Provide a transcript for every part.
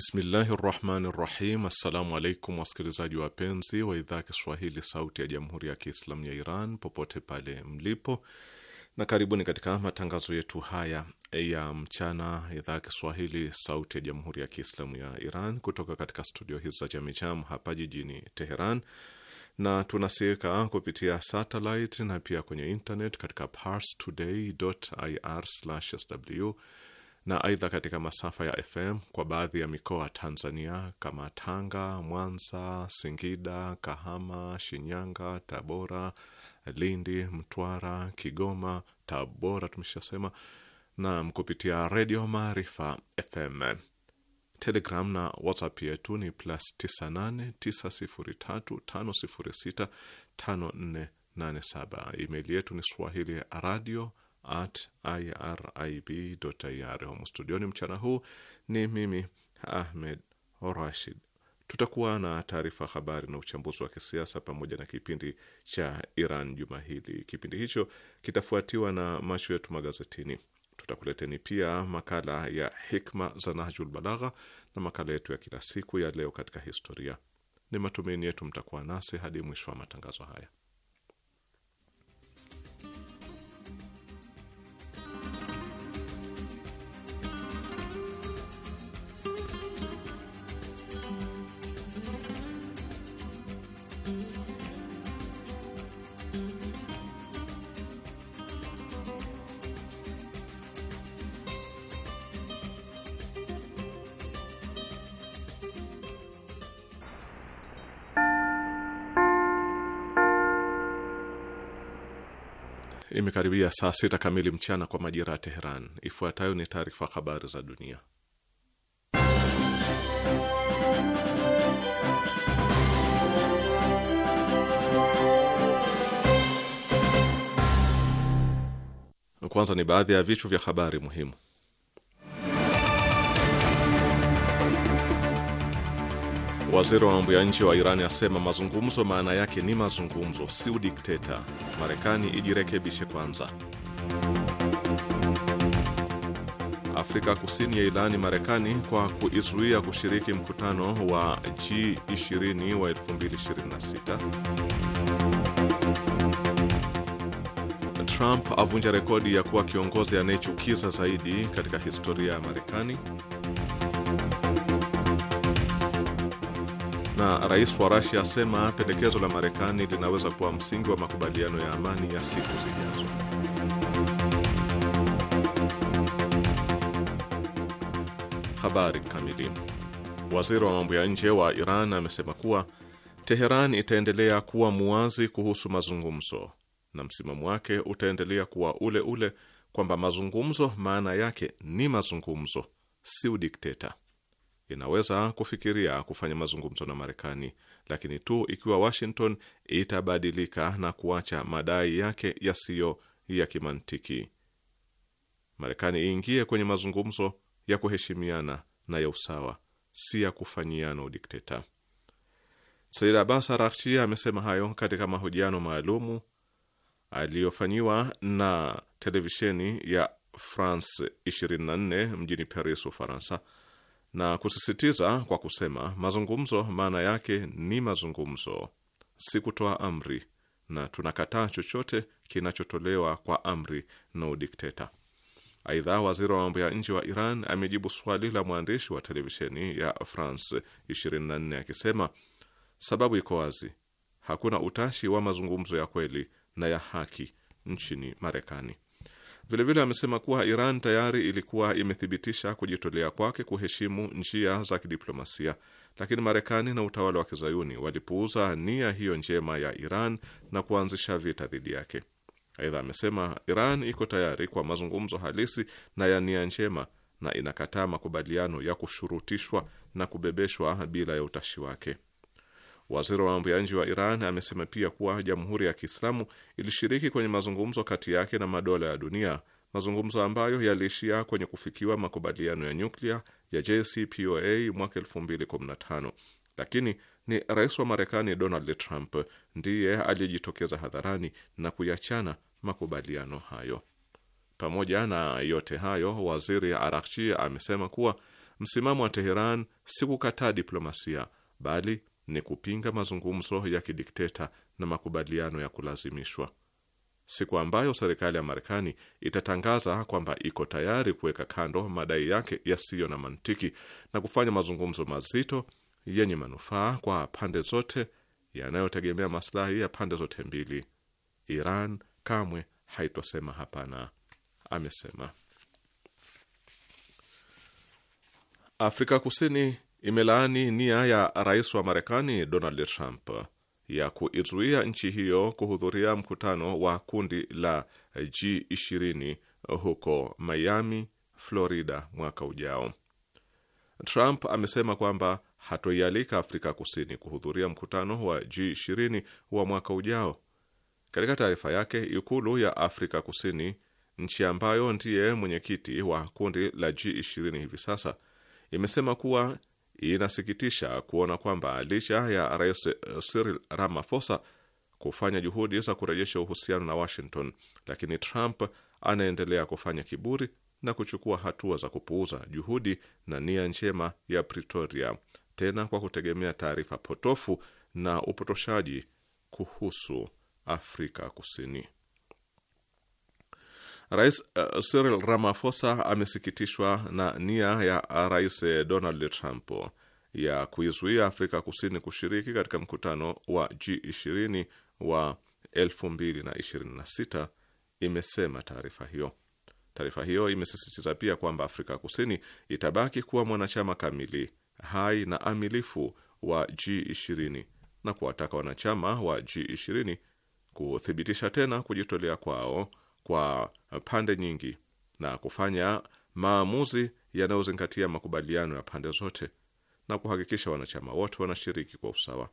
Bismillahi rahmani rahim. Assalamu alaikum wasikilizaji wapenzi wa idhaa ya Kiswahili sauti ya jamhuri ya Kiislamu ya Iran popote pale mlipo, na karibuni katika matangazo yetu haya ya mchana. Idhaa ya Kiswahili sauti ya jamhuri ya Kiislamu ya Iran kutoka katika studio hizi za Jamicham hapa jijini Teheran, na tunasikika kupitia satellite na pia kwenye internet katika parstoday.ir/sw na aidha katika masafa ya FM kwa baadhi ya mikoa Tanzania kama Tanga, Mwanza, Singida, Kahama, Shinyanga, Tabora, Lindi, Mtwara, Kigoma, Tabora tumeshasema, na kupitia Redio Maarifa FM. Telegram na WhatsApp yetu ni plus 989035065487. Email yetu ni swahili radio at irib.ir. Humu studioni mchana huu ni mimi Ahmed Rashid. Tutakuwa na taarifa habari na uchambuzi wa kisiasa pamoja na kipindi cha Iran juma hili. Kipindi hicho kitafuatiwa na macho yetu magazetini. Tutakuleteni pia makala ya hikma za Nahjul Balagha na makala yetu ya kila siku ya leo katika historia. Ni matumaini yetu mtakuwa nasi hadi mwisho wa matangazo haya. Imekaribia saa sita kamili mchana kwa majira ya Teheran. Ifuatayo ni taarifa habari za dunia. Kwanza ni baadhi ya vichwa vya habari muhimu. Waziri wa mambo ya nje wa Irani asema mazungumzo maana yake ni mazungumzo, si udikteta. Marekani ijirekebishe kwanza. Afrika Kusini ya ilani Marekani kwa kuizuia kushiriki mkutano wa G20 wa 2026. Trump avunja rekodi ya kuwa kiongozi anayechukiza zaidi katika historia ya Marekani. na rais wa Rasia asema pendekezo la Marekani linaweza kuwa msingi wa makubaliano ya amani ya siku zijazo. Habari kamili. Waziri wa mambo ya nje wa Iran amesema kuwa Teheran itaendelea kuwa muwazi kuhusu mazungumzo na msimamo wake utaendelea kuwa ule ule, kwamba mazungumzo maana yake ni mazungumzo, si udikteta inaweza kufikiria kufanya mazungumzo na Marekani, lakini tu ikiwa Washington itabadilika na kuacha madai yake yasiyo ya kimantiki. Marekani iingie kwenye mazungumzo ya kuheshimiana na ya usawa, si ya kufanyiana udikteta. Said Abbas Araghchi amesema hayo katika mahojiano maalumu aliyofanyiwa na televisheni ya France 24 mjini Paris, Ufaransa na kusisitiza kwa kusema, mazungumzo maana yake ni mazungumzo, si kutoa amri, na tunakataa chochote kinachotolewa kwa amri na udikteta. Aidha, waziri wa mambo ya nje wa Iran amejibu swali la mwandishi wa televisheni ya France 24 akisema, sababu iko wazi, hakuna utashi wa mazungumzo ya kweli na ya haki nchini Marekani. Vilevile amesema kuwa Iran tayari ilikuwa imethibitisha kujitolea kwake kuheshimu njia za kidiplomasia, lakini Marekani na utawala wa kizayuni walipuuza nia hiyo njema ya Iran na kuanzisha vita dhidi yake. Aidha amesema Iran iko tayari kwa mazungumzo halisi na ya nia njema na inakataa makubaliano ya kushurutishwa na kubebeshwa bila ya utashi wake. Waziri wa mambo ya nje wa Iran amesema pia kuwa Jamhuri ya Kiislamu ilishiriki kwenye mazungumzo kati yake na madola ya dunia, mazungumzo ambayo yaliishia kwenye kufikiwa makubaliano ya nyuklia ya JCPOA mwaka 2015, lakini ni rais wa Marekani Donald Trump ndiye aliyejitokeza hadharani na kuyachana makubaliano hayo. Pamoja na yote hayo, waziri Arakchi amesema kuwa msimamo wa Teheran si kukataa diplomasia bali ni kupinga mazungumzo ya kidikteta na makubaliano ya kulazimishwa. Siku ambayo serikali ya Marekani itatangaza kwamba iko tayari kuweka kando madai yake yasiyo na mantiki na kufanya mazungumzo mazito yenye manufaa kwa pande zote yanayotegemea maslahi ya pande zote mbili, Iran kamwe haitosema hapana, amesema. Afrika Kusini imelaani nia ya rais wa Marekani Donald Trump ya kuizuia nchi hiyo kuhudhuria mkutano wa kundi la G20 huko Miami, Florida mwaka ujao. Trump amesema kwamba hatoialika Afrika Kusini kuhudhuria mkutano wa G20 wa mwaka ujao. Katika taarifa yake, ikulu ya Afrika Kusini, nchi ambayo ndiye mwenyekiti wa kundi la G20 hivi sasa, imesema kuwa Inasikitisha kuona kwamba licha ya Rais Cyril Ramaphosa kufanya juhudi za kurejesha uhusiano na Washington, lakini Trump anaendelea kufanya kiburi na kuchukua hatua za kupuuza juhudi na nia njema ya Pretoria, tena kwa kutegemea taarifa potofu na upotoshaji kuhusu Afrika Kusini. Rais uh, Cyril Ramaphosa amesikitishwa na nia ya eh, Rais eh, Donald Trump ya kuizuia Afrika Kusini kushiriki katika mkutano wa G20 wa 2026, imesema taarifa hiyo. Taarifa hiyo imesisitiza pia kwamba Afrika Kusini itabaki kuwa mwanachama kamili hai na amilifu wa G20 na kuwataka wanachama wa G20 kuthibitisha tena kujitolea kwao kwa uh, pande nyingi na kufanya maamuzi yanayozingatia makubaliano ya pande zote na kuhakikisha wanachama wote wanashiriki kwa usawa.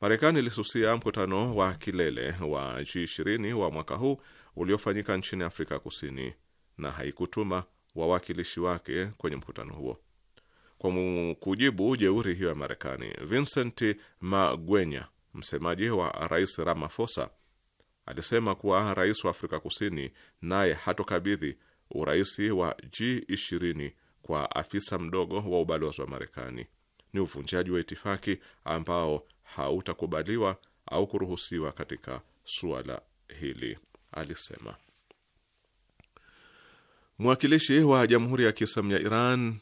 Marekani ilisusia mkutano wa kilele wa G20 wa mwaka huu uliofanyika nchini Afrika Kusini na haikutuma wawakilishi wake kwenye mkutano huo. Kwa kujibu jeuri hiyo ya Marekani, Vincent Magwenya, msemaji wa Rais Ramaphosa, alisema kuwa rais wa Afrika Kusini naye hatokabidhi uraisi wa G20 kwa afisa mdogo wa ubalozi wa Marekani. Ni uvunjaji wa itifaki ambao hautakubaliwa au kuruhusiwa katika suala hili, alisema. Mwakilishi wa Jamhuri ya Kiislamu ya Iran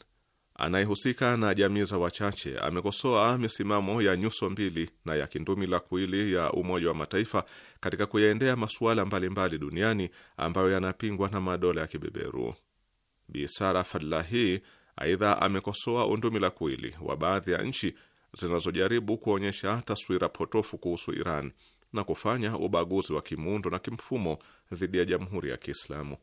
anayehusika na jamii za wachache amekosoa misimamo ya nyuso mbili na ya kindumi la kuili ya Umoja wa Mataifa katika kuyaendea masuala mbalimbali duniani ambayo yanapingwa na madola ya kibeberu. Bi Sara Fadlahi aidha amekosoa undumi la kuili wa baadhi ya nchi zinazojaribu kuonyesha taswira potofu kuhusu Iran na kufanya ubaguzi wa kimuundo na kimfumo dhidi ya Jamhuri ya Kiislamu.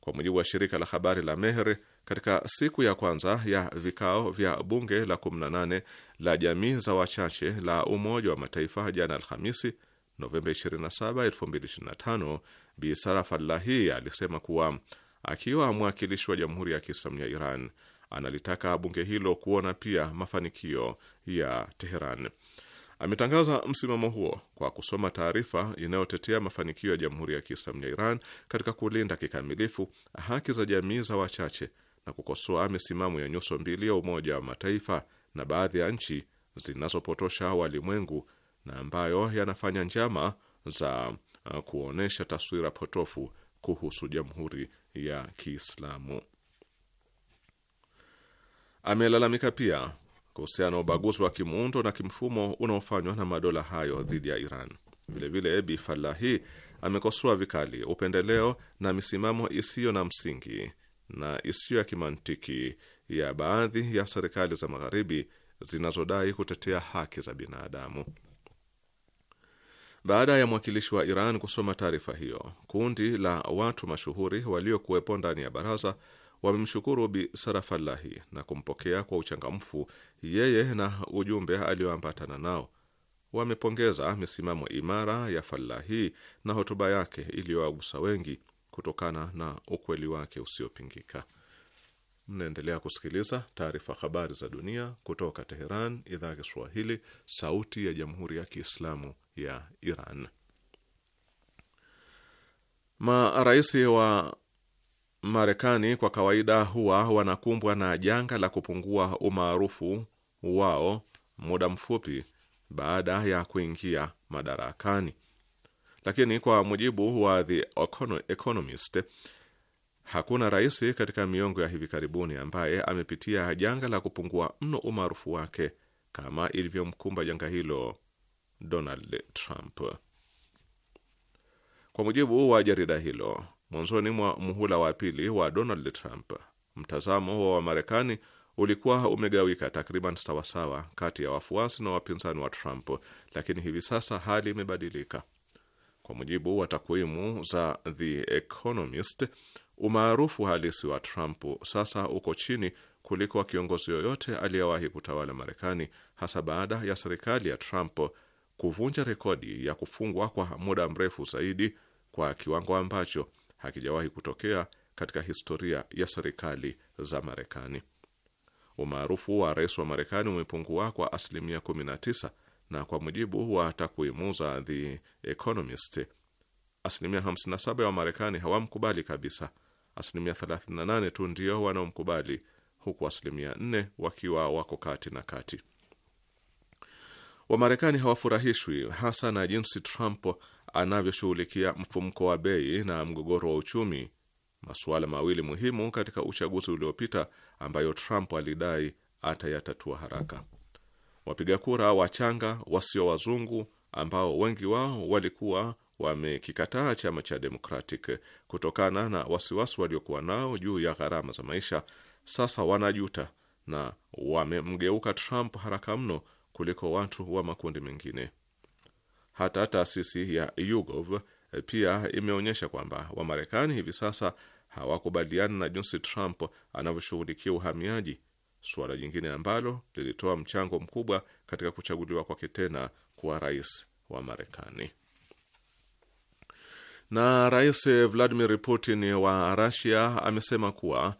Kwa mujibu wa shirika la habari la Mehr, katika siku ya kwanza ya vikao vya bunge la 18 la jamii za wachache la Umoja wa Mataifa jana Alhamisi, Novemba 27, 2025, Bi Fallahi alisema kuwa akiwa mwakilishi wa Jamhuri ya Kiislamu ya Iran, analitaka bunge hilo kuona pia mafanikio ya Teheran. Ametangaza msimamo huo kwa kusoma taarifa inayotetea mafanikio ya Jamhuri ya Kiislamu ya Iran katika kulinda kikamilifu haki za jamii za wachache na kukosoa misimamo ya nyuso mbili ya Umoja wa Mataifa na baadhi ya nchi zinazopotosha walimwengu na ambayo yanafanya njama za uh, kuonyesha taswira potofu kuhusu Jamhuri ya Kiislamu. Amelalamika pia kuhusiana na ubaguzi wa kimuundo na kimfumo unaofanywa na madola hayo dhidi ya Iran. Vilevile, Bi Falahi amekosoa vikali upendeleo na misimamo isiyo na msingi na isiyo ya kimantiki ya baadhi ya serikali za magharibi zinazodai kutetea haki za binadamu. Baada ya mwakilishi wa Iran kusoma taarifa hiyo, kundi la watu mashuhuri waliokuwepo ndani ya baraza wamemshukuru Bi Sarafalahi na kumpokea kwa uchangamfu yeye na ujumbe aliyoambatana nao. Wamepongeza misimamo imara ya Falahi na hotuba yake iliyowagusa wengi kutokana na ukweli wake usiopingika. Mnaendelea kusikiliza taarifa habari za dunia kutoka Teheran, idhaa ya Kiswahili, sauti ya jamhuri ya kiislamu ya Iran. Maraisi wa Marekani kwa kawaida huwa wanakumbwa na janga la kupungua umaarufu wao muda mfupi baada ya kuingia madarakani, lakini kwa mujibu wa The Economist, hakuna rais katika miongo ya hivi karibuni ambaye amepitia janga la kupungua mno umaarufu wake kama ilivyomkumba janga hilo Donald Trump. Kwa mujibu wa jarida hilo Mwanzoni mwa muhula wa pili wa Donald Trump, mtazamo wa Wamarekani ulikuwa umegawika takriban sawasawa kati ya wafuasi na wapinzani wa Trump, lakini hivi sasa hali imebadilika. Kwa mujibu wa takwimu za The Economist, umaarufu halisi wa Trump sasa uko chini kuliko wa kiongozi yoyote aliyewahi kutawala Marekani, hasa baada ya serikali ya Trump kuvunja rekodi ya kufungwa kwa muda mrefu zaidi kwa kiwango ambacho hakijawahi kutokea katika historia ya serikali za Marekani. Umaarufu wa rais wa Marekani umepungua kwa asilimia 19 na kwa mujibu wa takwimu za The Economist, asilimia 57 ya Wamarekani hawamkubali kabisa. Asilimia 38 tu ndio wanaomkubali, huku asilimia 4 wakiwa wako kati na kati. Wamarekani hawafurahishwi hasa na jinsi Trump anavyoshughulikia mfumko wa bei na mgogoro wa uchumi, masuala mawili muhimu katika uchaguzi uliopita ambayo Trump alidai atayatatua haraka. Wapiga kura wachanga wasio wazungu ambao wengi wao walikuwa wamekikataa chama cha Democratic kutokana na wasiwasi waliokuwa nao juu ya gharama za maisha, sasa wanajuta na wamemgeuka Trump haraka mno kuliko watu wa makundi mengine. Hata taasisi ya YouGov eh, pia imeonyesha kwamba Wamarekani hivi sasa hawakubaliana na jinsi Trump anavyoshughulikia uhamiaji, suala jingine ambalo lilitoa mchango mkubwa katika kuchaguliwa kwake tena kuwa rais wa Marekani. Na Rais Vladimir Putin wa Russia amesema kuwa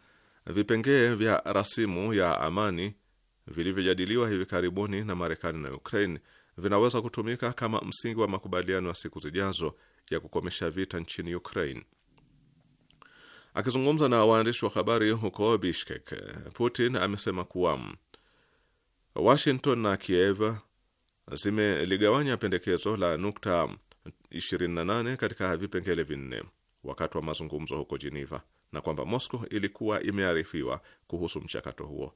vipengee vya rasimu ya amani vilivyojadiliwa hivi karibuni na Marekani na Ukraine vinaweza kutumika kama msingi wa makubaliano ya siku zijazo ya kukomesha vita nchini Ukraine. Akizungumza na waandishi wa habari huko Bishkek, Putin amesema kuwa Washington na Kiev zimeligawanya pendekezo la nukta 28 katika vipengele vinne wakati wa mazungumzo huko Geneva na kwamba Moscow ilikuwa imearifiwa kuhusu mchakato huo.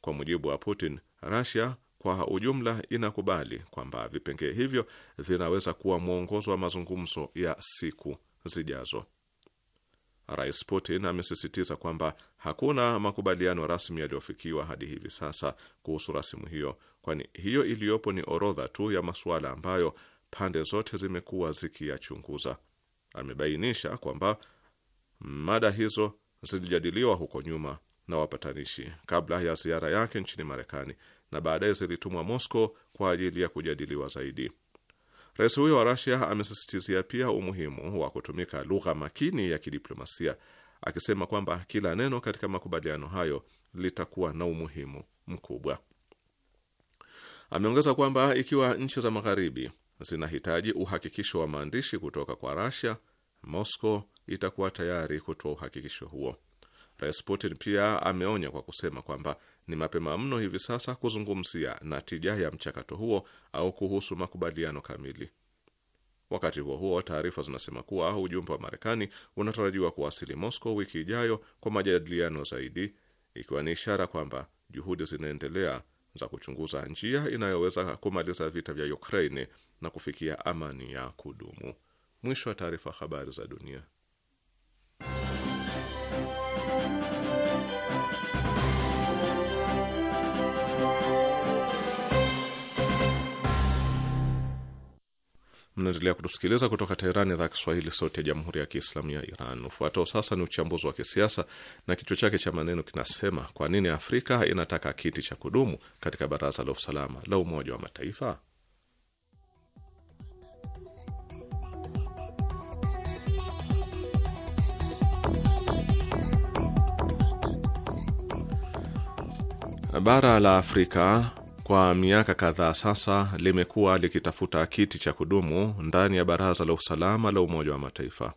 Kwa mujibu wa Putin, Russia kwa ujumla inakubali kwamba vipengee hivyo vinaweza kuwa mwongozo wa mazungumzo ya siku zijazo. Rais Putin amesisitiza kwamba hakuna makubaliano rasmi yaliyofikiwa hadi hivi sasa kuhusu rasimu hiyo, kwani hiyo iliyopo ni orodha tu ya masuala ambayo pande zote zimekuwa zikiyachunguza. Amebainisha kwamba mada hizo zilijadiliwa huko nyuma na wapatanishi kabla ya ziara yake nchini Marekani na baadaye zilitumwa Moscow kwa ajili ya kujadiliwa zaidi. Rais huyo wa Russia amesisitizia pia umuhimu wa kutumika lugha makini ya kidiplomasia, akisema kwamba kila neno katika makubaliano hayo litakuwa na umuhimu mkubwa. Ameongeza kwamba ikiwa nchi za magharibi zinahitaji uhakikisho wa maandishi kutoka kwa Russia, Moscow itakuwa tayari kutoa uhakikisho huo. Rais Putin pia ameonya kwa kusema kwamba ni mapema mno hivi sasa kuzungumzia natija ya mchakato huo au kuhusu makubaliano kamili. Wakati huo huo, taarifa zinasema kuwa ujumbe wa Marekani unatarajiwa kuwasili Moscow wiki ijayo kwa majadiliano zaidi, ikiwa ni ishara kwamba juhudi zinaendelea za kuchunguza njia inayoweza kumaliza vita vya Ukraine na kufikia amani ya kudumu. Mwisho wa taarifa. Habari za dunia. Mnaendelea kutusikiliza kutoka Teherani, idhaa Kiswahili, sauti ya jamhuri ya kiislamu ya Iran. Ufuatao sasa ni uchambuzi wa kisiasa na kichwa chake cha maneno kinasema: kwa nini Afrika inataka kiti cha kudumu katika baraza la usalama la Umoja wa Mataifa? Bara la Afrika kwa miaka kadhaa sasa limekuwa likitafuta kiti cha kudumu ndani ya Baraza la Usalama la Umoja wa Mataifa.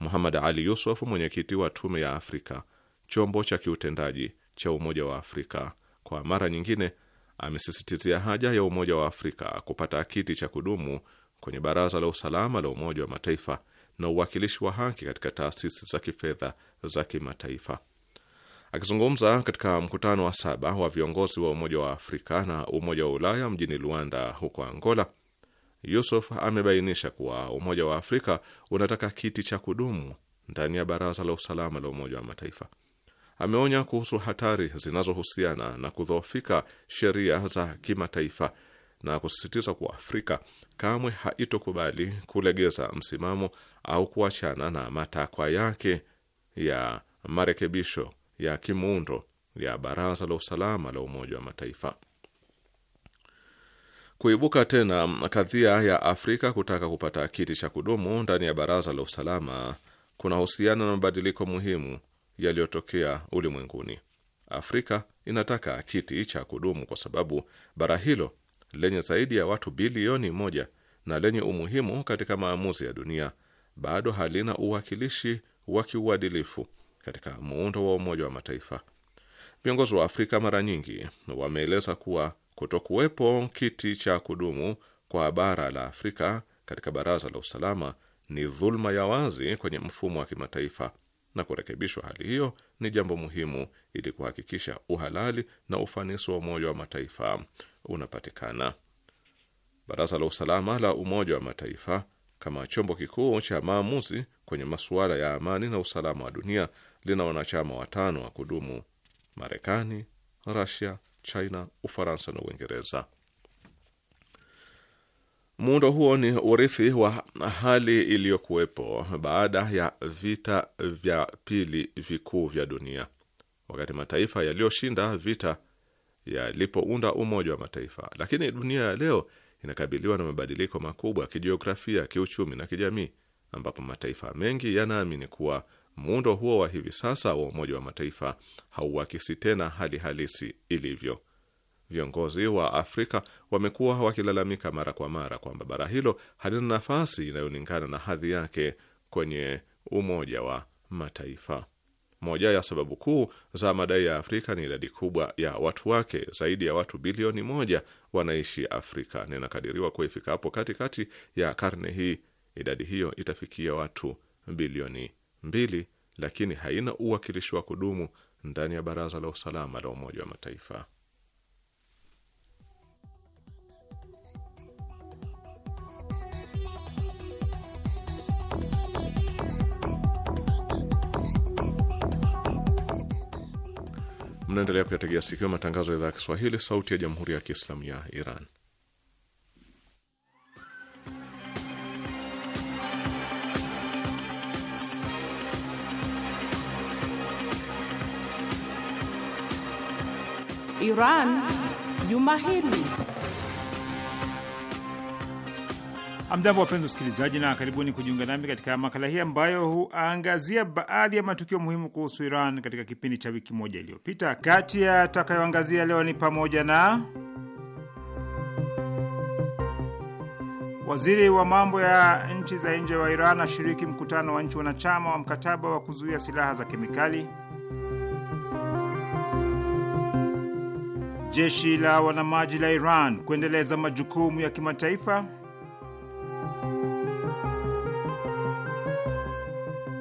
Muhammad Ali Yusuf, mwenyekiti wa Tume ya Afrika, chombo cha kiutendaji cha Umoja wa Afrika, kwa mara nyingine amesisitizia haja ya Umoja wa Afrika kupata kiti cha kudumu kwenye Baraza la Usalama la Umoja wa Mataifa na uwakilishi wa haki katika taasisi za kifedha za kimataifa. Akizungumza katika mkutano wa saba wa viongozi wa Umoja wa Afrika na Umoja wa Ulaya mjini Luanda huko Angola, Yusuf amebainisha kuwa Umoja wa Afrika unataka kiti cha kudumu ndani ya Baraza la Usalama la Umoja wa Mataifa. Ameonya kuhusu hatari zinazohusiana na kudhoofika sheria za kimataifa na kusisitiza kuwa Afrika kamwe haitokubali kulegeza msimamo au kuachana na matakwa yake ya marekebisho ya kimuundo ya Baraza la Usalama la Umoja wa Mataifa. Kuibuka tena kadhia ya Afrika kutaka kupata kiti cha kudumu ndani ya Baraza la Usalama kunahusiana na mabadiliko muhimu yaliyotokea ulimwenguni. Afrika inataka kiti cha kudumu kwa sababu bara hilo lenye zaidi ya watu bilioni moja na lenye umuhimu katika maamuzi ya dunia bado halina uwakilishi wa kiuadilifu katika muundo wa Umoja wa Mataifa. Viongozi wa Afrika mara nyingi wameeleza kuwa kutokuwepo kiti cha kudumu kwa bara la Afrika katika Baraza la Usalama ni dhuluma ya wazi kwenye mfumo wa kimataifa, na kurekebishwa hali hiyo ni jambo muhimu ili kuhakikisha uhalali na ufanisi wa Umoja wa Mataifa unapatikana. Baraza la Usalama la Umoja wa Mataifa kama chombo kikuu cha maamuzi kwenye masuala ya amani na usalama wa dunia lina wanachama watano wa kudumu: Marekani, rasia China, Ufaransa na Uingereza. Muundo huo ni urithi wa hali iliyokuwepo baada ya vita vya pili vikuu vya dunia, wakati mataifa yaliyoshinda vita yalipounda Umoja wa Mataifa. Lakini dunia ya leo inakabiliwa na mabadiliko makubwa ya kijiografia, kiuchumi na kijamii, ambapo mataifa mengi yanaamini kuwa muundo huo wa hivi sasa wa Umoja wa Mataifa hauakisi tena hali halisi ilivyo. Viongozi wa Afrika wamekuwa wakilalamika mara kwa mara kwamba bara hilo halina nafasi inayolingana na hadhi yake kwenye Umoja wa Mataifa. Moja ya sababu kuu za madai ya Afrika ni idadi kubwa ya watu wake. Zaidi ya watu bilioni moja wanaishi Afrika na inakadiriwa kuwa ifikapo katikati ya karne hii idadi hiyo itafikia watu bilioni mbili, lakini haina uwakilishi wa kudumu ndani ya Baraza la Usalama la Umoja wa Mataifa. Mnaendelea kuyategea sikio matangazo ya idhaa ya Kiswahili, sauti ya jamhuri ya kiislamu ya Iran. Iran juma hili. Amjambo, wapenzi usikilizaji, na karibuni kujiunga nami katika makala hii ambayo huangazia baadhi ya matukio muhimu kuhusu Iran katika kipindi cha wiki moja iliyopita. Kati ya atakayoangazia leo ni pamoja na waziri wa mambo ya nchi za nje wa Iran ashiriki mkutano wa nchi wanachama wa mkataba wa kuzuia silaha za kemikali jeshi la wanamaji la Iran kuendeleza majukumu ya kimataifa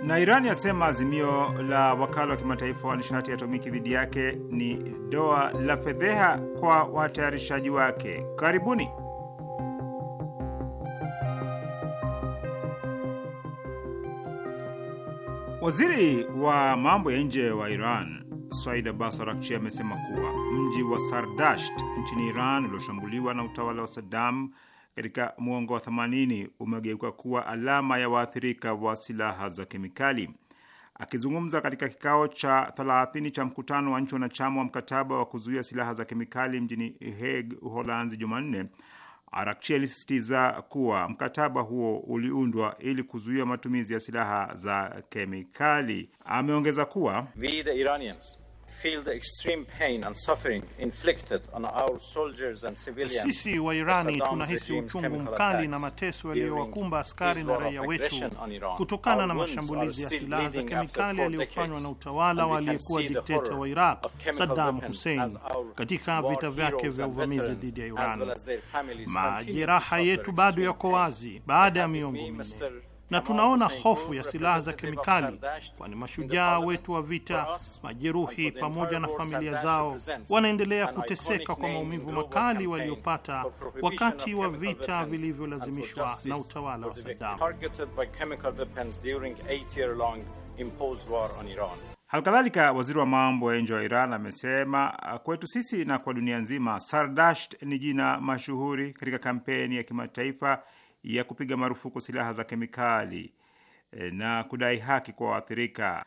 na Iran yasema azimio la wakala wa kimataifa wa nishati ya atomiki dhidi yake ni doa la fedheha kwa watayarishaji wake. Karibuni. Waziri wa mambo ya nje wa Iran Said Basarakchi amesema kuwa mji wa Sardasht nchini Iran ulioshambuliwa na utawala wa Saddam katika muongo wa 80 umegeuka kuwa alama ya waathirika wa silaha za kemikali. Akizungumza katika kikao cha 30 cha mkutano wa nchi wanachama wa mkataba wa kuzuia silaha za kemikali mjini Hague, Uholanzi, Jumanne, Arakchi alisisitiza kuwa mkataba huo uliundwa ili kuzuia matumizi ya silaha za kemikali. Ameongeza kuwa We the Iranians feel the extreme pain and suffering inflicted on our soldiers and civilians. Sisi wa Irani tunahisi uchungu mkali na mateso yaliyowakumba askari na raia wetu kutokana na mashambulizi ya silaha za kemikali yaliyofanywa na utawala wa aliyekuwa dikteta wa Iraq Saddam Hussein katika vita vyake vya uvamizi dhidi ya Iran. Majeraha yetu bado yako wazi baada ya miongo minne na tunaona hofu ya silaha za kemikali, kwani mashujaa wetu wa vita, majeruhi pamoja na familia zao wanaendelea kuteseka kwa maumivu makali waliopata wakati wa vita vilivyolazimishwa na utawala wa Saddam. Halikadhalika, waziri wa mambo ya nje wa Iran amesema ah, kwetu sisi na kwa dunia nzima, Sardasht ni jina mashuhuri katika kampeni ya kimataifa ya kupiga marufuku silaha za kemikali e, na kudai haki kwa waathirika.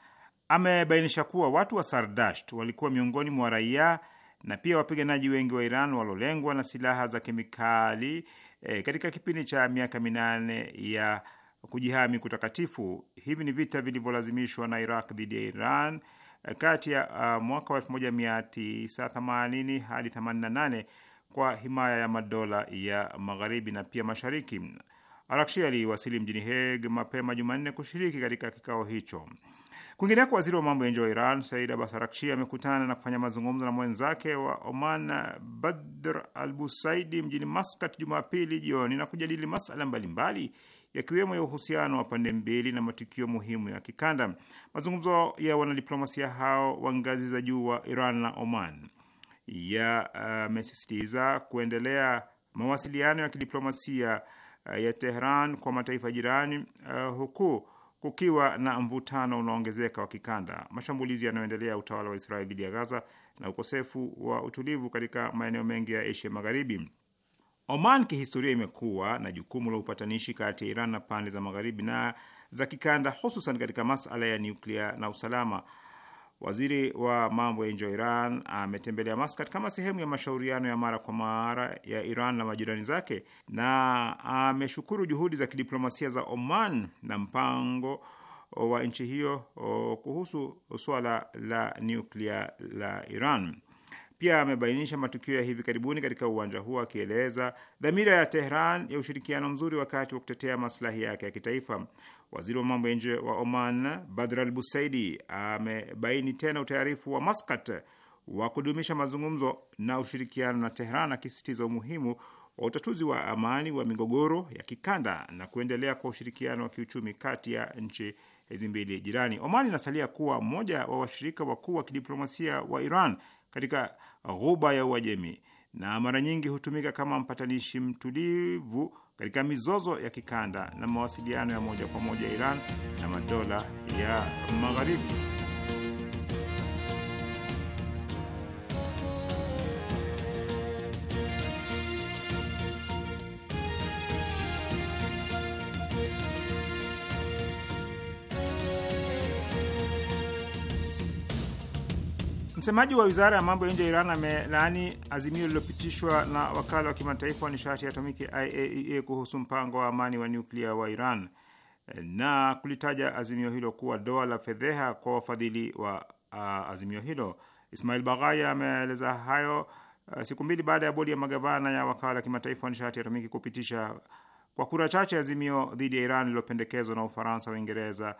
Amebainisha kuwa watu wa Sardasht walikuwa miongoni mwa raia na pia wapiganaji wengi wa Iran walolengwa na silaha za kemikali e, katika kipindi cha miaka minane ya kujihami kutakatifu. Hivi ni vita vilivyolazimishwa na Iraq dhidi ya Iran e, kati ya uh, mwaka wa 1980 hadi 88 kwa himaya ya madola ya magharibi na pia mashariki. Arakshi aliwasili mjini Hague mapema Jumanne kushiriki katika kikao hicho. Kwingineko, waziri wa mambo ya nje wa Iran Said Abbas Arakshi amekutana na kufanya mazungumzo na mwenzake wa Oman Badr Al Busaidi mjini Maskat Jumapili jioni na kujadili masala mbalimbali yakiwemo ya uhusiano wa pande mbili na matukio muhimu ya kikanda. Mazungumzo ya wanadiplomasia hao wa ngazi za juu wa Iran na Oman yamesisitiza eh, uh, kuendelea mawasiliano ya kidiplomasia uh, ya Tehran kwa mataifa jirani uh, huku kukiwa na mvutano unaongezeka wa kikanda. Mashambulizi yanayoendelea utawala wa Israeli dhidi ya Gaza na ukosefu wa utulivu katika maeneo mengi ya Asia Magharibi. Oman kihistoria imekuwa na jukumu la upatanishi kati ya Iran na pande za magharibi na za kikanda, hususan katika masala ya nyuklia na usalama. Waziri wa mambo ya nje wa Iran ametembelea Maskat kama sehemu ya mashauriano ya mara kwa mara ya Iran na majirani zake, na ameshukuru juhudi za kidiplomasia za Oman na mpango wa nchi hiyo oh, kuhusu suala la nyuklia la Iran. Pia amebainisha matukio ya hivi karibuni katika uwanja huo, akieleza dhamira ya Tehran ya ushirikiano mzuri wakati wa kutetea maslahi yake ya kitaifa. Waziri wa mambo ya nje wa Oman, Badr Al Busaidi, amebaini tena utayarifu wa Maskat wa kudumisha mazungumzo na ushirikiano na Tehran, akisisitiza umuhimu wa utatuzi wa amani wa migogoro ya kikanda na kuendelea kwa ushirikiano wa kiuchumi kati ya nchi hizi mbili jirani. Oman inasalia kuwa mmoja wa washirika wakuu wa kidiplomasia wa Iran katika ghuba ya Uajemi na mara nyingi hutumika kama mpatanishi mtulivu katika mizozo ya kikanda na mawasiliano ya moja kwa moja Iran na madola ya Magharibi. Msemaji wa wizara ya mambo ya nje ya Iran amelaani azimio lililopitishwa na wakala wa kimataifa wa nishati ya atomiki IAEA e kuhusu mpango wa amani wa nyuklia wa Iran na kulitaja azimio hilo kuwa doa la fedheha kwa wafadhili wa uh, azimio hilo. Ismail Baghai ameeleza hayo uh, siku mbili baada ya bodi ya magavana ya wakala wa kimataifa wa nishati ya atomiki kupitisha kwa kura chache azimio dhidi ya Iran lililopendekezwa na Ufaransa, Uingereza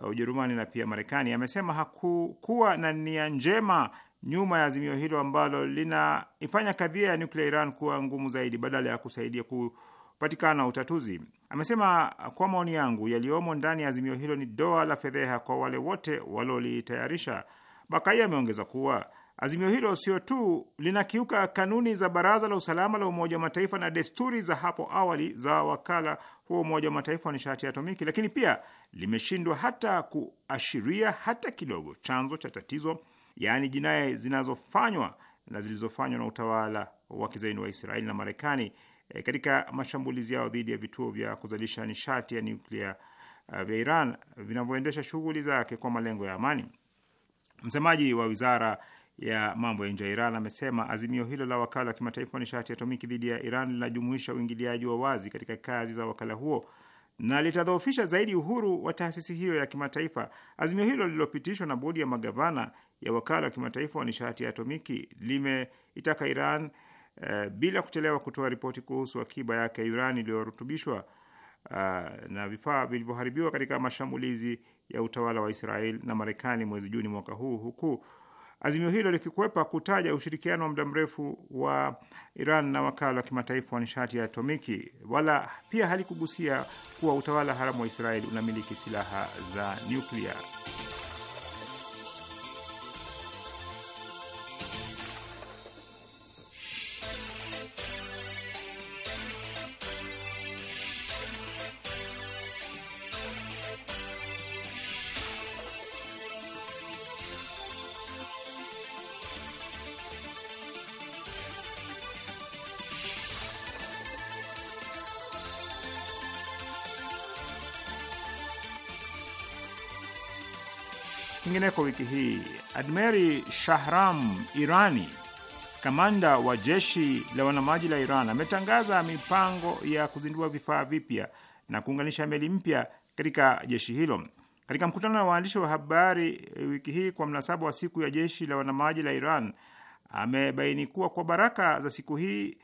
Uh, Ujerumani na pia Marekani, amesema hakukuwa na nia njema nyuma ya azimio hilo ambalo linaifanya kadhia ya nuklia Iran kuwa ngumu zaidi badala ya kusaidia kupatikana utatuzi. Amesema, kwa maoni yangu, yaliyomo ndani ya azimio hilo ni doa la fedheha kwa wale wote waliolitayarisha Bakai ameongeza kuwa Azimio hilo sio tu linakiuka kanuni za Baraza la Usalama la Umoja wa Mataifa na desturi za hapo awali za wakala huo Umoja wa Mataifa wa nishati ya atomiki, lakini pia limeshindwa hata kuashiria hata kidogo chanzo cha tatizo, yaani jinai zinazofanywa na zilizofanywa na utawala wa kizaini wa Israeli na Marekani e, katika mashambulizi yao dhidi ya vituo vya kuzalisha nishati ya nuklia uh, eh, vya Iran vinavyoendesha shughuli zake kwa malengo ya amani. Msemaji wa wizara ya mambo ya nje ya Iran amesema azimio hilo la wakala wa kimataifa wa nishati atomiki dhidi ya Iran linajumuisha uingiliaji wa wazi katika kazi za wakala huo na litadhoofisha zaidi uhuru wa taasisi hiyo ya kimataifa. Azimio hilo lililopitishwa na bodi ya magavana ya wakala wa kimataifa wa nishati ya atomiki limeitaka Iran eh, bila kuchelewa kutoa ripoti kuhusu akiba yake ya urani iliyorutubishwa uh, na vifaa vilivyoharibiwa katika mashambulizi ya utawala wa Israel na Marekani mwezi Juni mwaka huu huku Azimio hilo likikwepa kutaja ushirikiano wa muda mrefu wa Iran na wakala wa kimataifa wa nishati ya atomiki, wala pia halikugusia kuwa utawala haramu wa Israeli unamiliki silaha za nyuklia. kwingineko wiki hii, Admeri Shahram Irani, kamanda wa jeshi la wanamaji la Iran, ametangaza mipango ya kuzindua vifaa vipya na kuunganisha meli mpya katika jeshi hilo. Katika mkutano na waandishi wa habari eh, wiki hii kwa mnasaba wa siku ya jeshi la wanamaji la Iran, amebaini kuwa kwa baraka za siku hii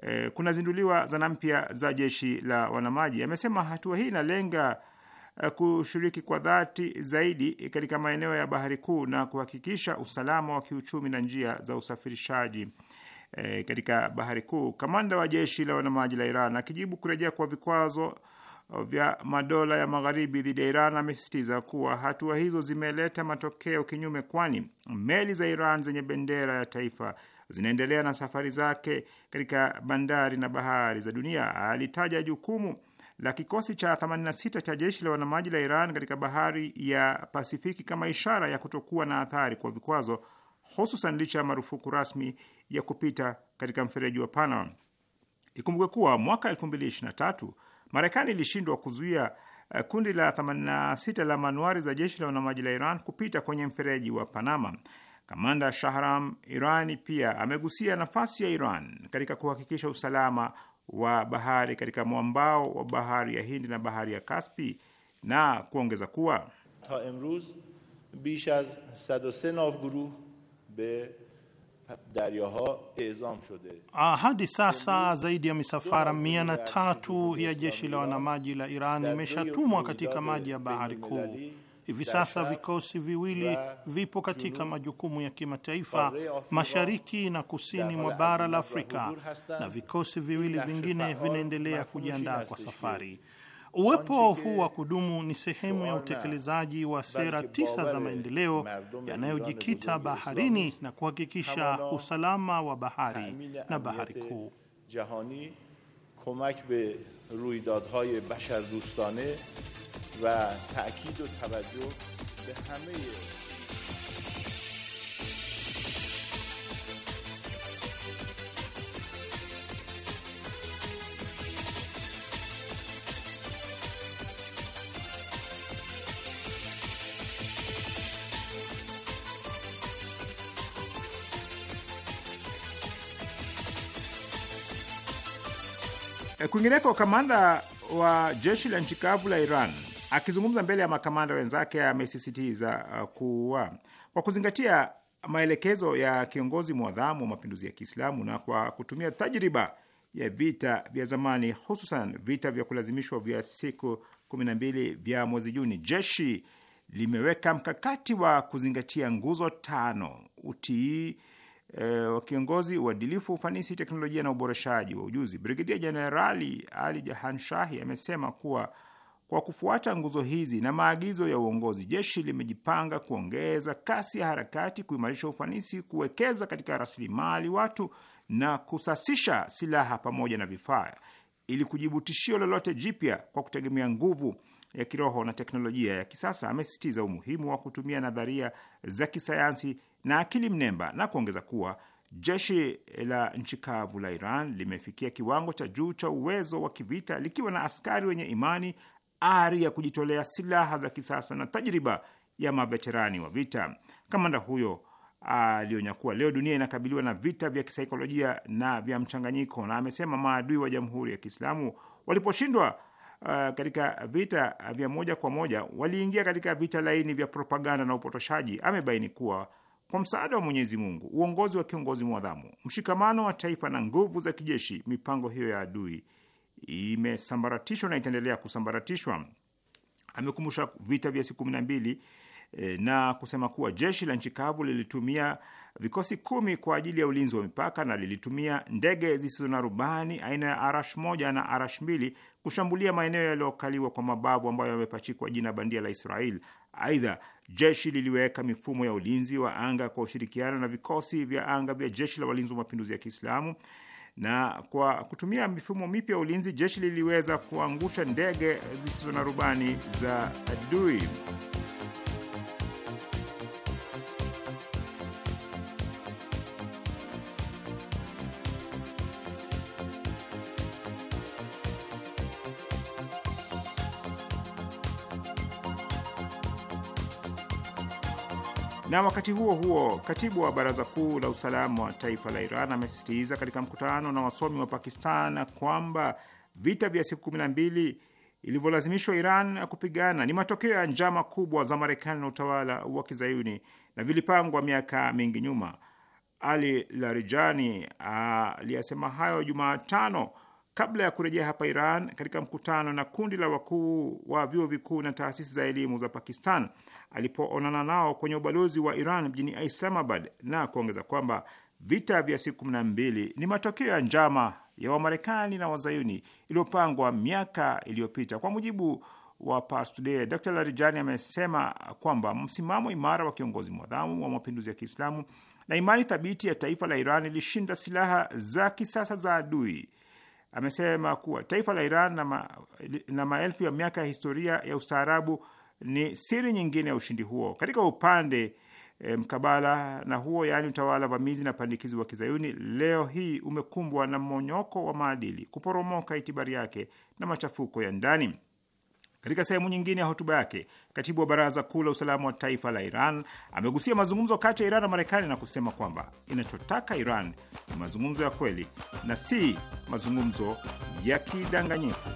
kuna eh, kunazinduliwa zana mpya za jeshi la wanamaji. Amesema hatua hii inalenga Eh, kushiriki kwa dhati zaidi katika maeneo ya bahari kuu na kuhakikisha usalama wa kiuchumi na njia za usafirishaji e, katika bahari kuu. Kamanda wa jeshi la wanamaji la Iran akijibu kurejea kwa vikwazo oh, vya madola ya magharibi dhidi ya Iran amesisitiza kuwa hatua hizo zimeleta matokeo kinyume, kwani meli za Iran zenye bendera ya taifa zinaendelea na safari zake katika bandari na bahari za dunia. Alitaja jukumu la kikosi cha 86 cha jeshi la wanamaji la Iran katika bahari ya Pasifiki kama ishara ya kutokuwa na athari kwa vikwazo, hususan licha ya marufuku rasmi ya kupita katika mfereji wa Panama. Ikumbukwe kuwa mwaka 2023 Marekani ilishindwa kuzuia eh, kundi la 86 la manuari za jeshi la wanamaji la Iran kupita kwenye mfereji wa Panama. Kamanda Shahram Irani pia amegusia nafasi ya Iran katika kuhakikisha usalama wa bahari katika mwambao wa bahari ya Hindi na bahari ya Kaspi na kuongeza kuwa ta emruz bish az 103 be ah, hadi sasa zaidi ya misafara mia na tatu ya jeshi la wanamaji la Iran imeshatumwa katika maji ya bahari kuu Hivi sasa vikosi viwili vipo katika majukumu ya kimataifa mashariki na kusini mwa bara la Afrika na vikosi viwili vingine vinaendelea kujiandaa kwa safari. Uwepo huu wa kudumu ni sehemu ya utekelezaji wa sera tisa za maendeleo yanayojikita baharini na kuhakikisha usalama wa bahari na bahari kuu. رویدادهای بشردوستانه و تاکید و توجه به همه Eh, kwingineko, kamanda wa jeshi la nchi kavu la Iran akizungumza mbele ya makamanda wenzake amesisitiza uh, kuwa kwa kuzingatia maelekezo ya kiongozi mwadhamu wa mapinduzi ya Kiislamu na kwa kutumia tajriba ya vita vya zamani, hususan vita vya kulazimishwa vya siku kumi na mbili vya mwezi Juni, jeshi limeweka mkakati wa kuzingatia nguzo tano: utii e, wa kiongozi, uadilifu, ufanisi, teknolojia na uboreshaji wa ujuzi. Brigedia Jenerali Ali Jahan Shahi amesema kuwa kwa kufuata nguzo hizi na maagizo ya uongozi, jeshi limejipanga kuongeza kasi ya harakati, kuimarisha ufanisi, kuwekeza katika rasilimali watu na kusasisha silaha pamoja na vifaa ili kujibu tishio lolote jipya kwa kutegemea nguvu ya kiroho na teknolojia ya kisasa. Amesisitiza umuhimu wa kutumia nadharia za kisayansi na akili mnemba, na kuongeza kuwa jeshi la nchi kavu la Iran limefikia kiwango cha juu cha uwezo wa kivita likiwa na askari wenye imani, ari ya kujitolea, silaha za kisasa na tajriba ya maveterani wa vita. Kamanda huyo alionya kuwa leo dunia inakabiliwa na vita vya kisaikolojia na vya mchanganyiko, na amesema maadui wa Jamhuri ya Kiislamu waliposhindwa uh, katika vita vya moja kwa moja, waliingia katika vita laini vya propaganda na upotoshaji. Amebaini kuwa kwa msaada wa Mwenyezi Mungu, uongozi wa kiongozi mwadhamu, mshikamano wa taifa na nguvu za kijeshi, mipango hiyo ya adui imesambaratishwa na itaendelea kusambaratishwa. Amekumbusha vita vya siku kumi na mbili E, na kusema kuwa jeshi la nchi kavu lilitumia vikosi kumi kwa ajili ya ulinzi wa mipaka na lilitumia ndege zisizo na rubani aina ya Arash moja na Arash mbili kushambulia maeneo yaliyokaliwa kwa mabavu ambayo yamepachikwa jina bandia la Israel. Aidha, jeshi liliweka mifumo ya ulinzi wa anga kwa ushirikiano na vikosi vya anga vya jeshi la walinzi wa mapinduzi ya Kiislamu na kwa kutumia mifumo mipya ya ulinzi jeshi liliweza kuangusha ndege zisizo na rubani za adui. Na wakati huo huo, katibu wa baraza kuu la usalama wa taifa la Iran amesisitiza katika mkutano na wasomi wa Pakistan kwamba vita vya siku kumi na mbili ilivyolazimishwa Iran kupigana ni matokeo ya njama kubwa za Marekani na utawala wa kizayuni na vilipangwa miaka mingi nyuma. Ali Larijani ah, aliyasema hayo Jumatano kabla ya kurejea hapa Iran katika mkutano na kundi la wakuu wa vyuo vikuu na taasisi za elimu za Pakistan alipoonana nao kwenye ubalozi wa Iran mjini Islamabad, na kuongeza kwamba vita vya siku kumi na mbili ni matokeo ya njama ya Wamarekani na Wazayuni iliyopangwa miaka iliyopita. Kwa mujibu wa Pars Today, Dr Larijani amesema kwamba msimamo imara wa kiongozi mwadhamu wa mapinduzi ya Kiislamu na imani thabiti ya taifa la Iran ilishinda silaha za kisasa za adui amesema kuwa taifa la Iran na, ma, na maelfu ya miaka ya historia ya ustaarabu ni siri nyingine ya ushindi huo katika upande e, mkabala na huo, yaani utawala vamizi na pandikizi wa Kizayuni leo hii umekumbwa na mmonyoko wa maadili, kuporomoka itibari yake na machafuko ya ndani. Katika sehemu nyingine ya hotuba yake, katibu wa baraza kuu la usalama wa taifa la Iran amegusia mazungumzo kati ya Iran na Marekani na kusema kwamba inachotaka Iran ni mazungumzo ya kweli na si mazungumzo ya kidanganyifu.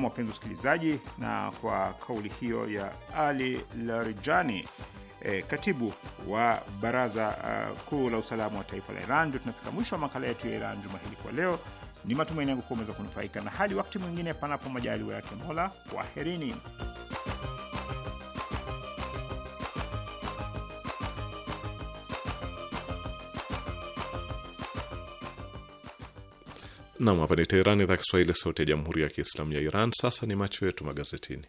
Naam, wapenzi wasikilizaji, na kwa kauli hiyo ya Ali Larijani, e, katibu wa baraza uh, kuu la usalama wa taifa la Iran, ndio tunafika mwisho wa makala yetu ya Iran juma hili kwa leo. Ni matumaini yangu kuwa umeweza kunufaika na hadi wakati mwingine, panapo majaliwa yake Mola, kwaherini. Nam, hapa ni Teherani, idhaa Kiswahili, sauti ya jamhuri ya kiislamu ya Iran. Sasa ni macho yetu magazetini.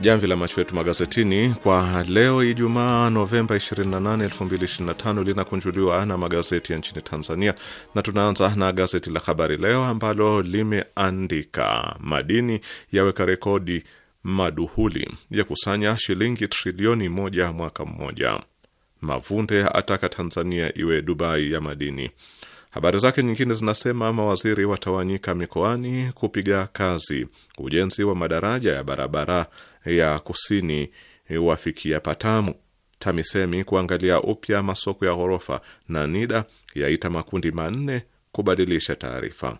Jamvi la macho yetu magazetini kwa leo Ijumaa Novemba 28, 2025 linakunjuliwa na magazeti ya nchini Tanzania, na tunaanza na gazeti la Habari Leo ambalo limeandika madini yaweka rekodi, maduhuli ya kusanya shilingi trilioni moja mwaka mmoja, Mavunde ataka Tanzania iwe Dubai ya madini Habari zake nyingine zinasema mawaziri watawanyika mikoani kupiga kazi. Ujenzi wa madaraja ya barabara ya kusini wafikia patamu. TAMISEMI kuangalia upya masoko ya ghorofa, na NIDA yaita makundi manne kubadilisha taarifa.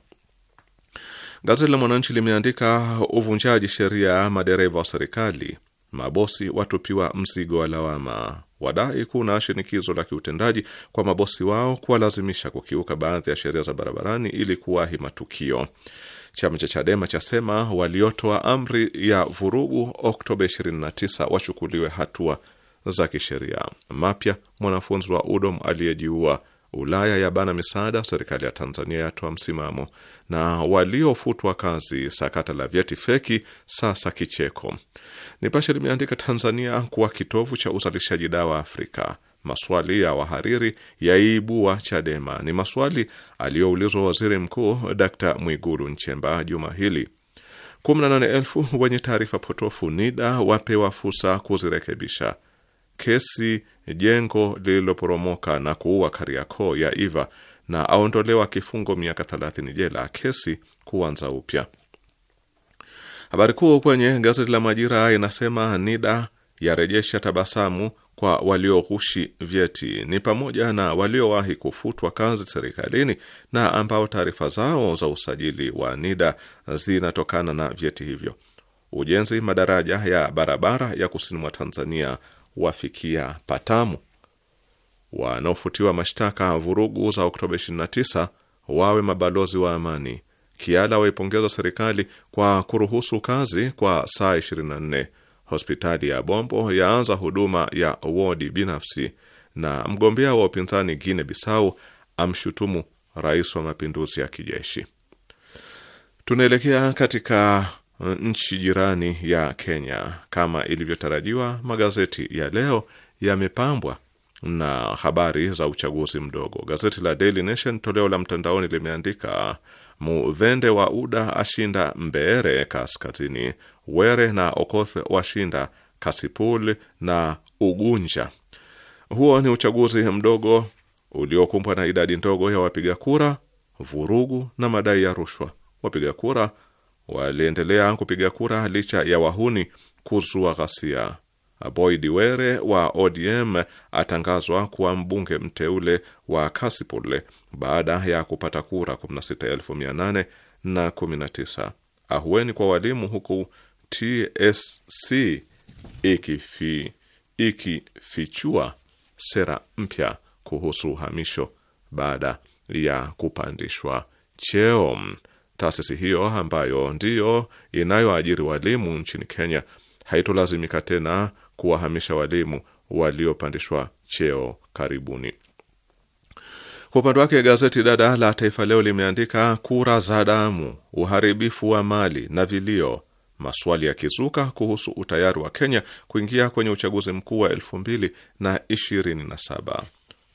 Gazeti la Mwananchi limeandika uvunjaji sheria madereva wa serikali Mabosi watupiwa mzigo wa lawama, wadai kuna shinikizo la kiutendaji kwa mabosi wao kuwalazimisha kukiuka baadhi ya sheria za barabarani ili kuwahi matukio. Chama cha Chadema chasema waliotoa amri ya vurugu Oktoba 29 wachukuliwe hatua za kisheria. Mapya, mwanafunzi wa UDOM aliyejiua Ulaya ya bana misaada, serikali ya Tanzania yatoa msimamo, na waliofutwa kazi sakata la vyeti feki sasa kicheko. Nipashe limeandika Tanzania kuwa kitovu cha uzalishaji dawa Afrika. Maswali ya wahariri yaibua Chadema ni maswali aliyoulizwa waziri mkuu d Mwigulu Nchemba juma hili. 18,000 wenye taarifa potofu NIDA wapewa fursa kuzirekebisha kesi jengo lililoporomoka na kuua Kariakoo ya iva na aondolewa kifungo miaka 30 jela, kesi kuanza upya. Habari kuu kwenye gazeti la Majira inasema NIDA yarejesha tabasamu kwa walioghushi vyeti, ni pamoja na waliowahi kufutwa kazi serikalini na ambao taarifa zao za usajili wa NIDA zinatokana na vyeti hivyo. Ujenzi madaraja ya barabara ya kusini mwa Tanzania wafikia patamu. Wanaofutiwa mashtaka vurugu za Oktoba 29 wawe mabalozi wa amani. Kiala waipongeza serikali kwa kuruhusu kazi kwa saa 24. Hospitali ya Bombo yaanza huduma ya wodi binafsi, na mgombea wa upinzani guine Bissau amshutumu rais wa mapinduzi ya kijeshi. Tunaelekea katika Eh, nchi jirani ya Kenya. Kama ilivyotarajiwa, magazeti ya leo yamepambwa na habari za uchaguzi mdogo. Gazeti la Daily Nation toleo la mtandaoni limeandika Mudhende wa UDA ashinda Mbeere Kaskazini, Were na Okoth washinda Kasipul na Ugunja. Huo ni uchaguzi mdogo uliokumbwa na idadi ndogo ya wapiga kura, vurugu na madai ya rushwa. Wapiga kura waliendelea kupiga kura licha ya wahuni kuzua ghasia. Boyd Were wa ODM atangazwa kuwa mbunge mteule wa Kasipul baada ya kupata kura 16819 19. Ahueni kwa walimu huku TSC ikifi ikifichua sera mpya kuhusu uhamisho baada ya kupandishwa cheo. Taasisi hiyo ambayo ndiyo inayoajiri walimu nchini Kenya haitolazimika tena kuwahamisha walimu waliopandishwa cheo karibuni. Kwa upande wake gazeti dada la Taifa Leo limeandika kura za damu, uharibifu wa mali na vilio, maswali yakizuka kuhusu utayari wa Kenya kuingia kwenye uchaguzi mkuu wa elfu mbili na ishirini na saba.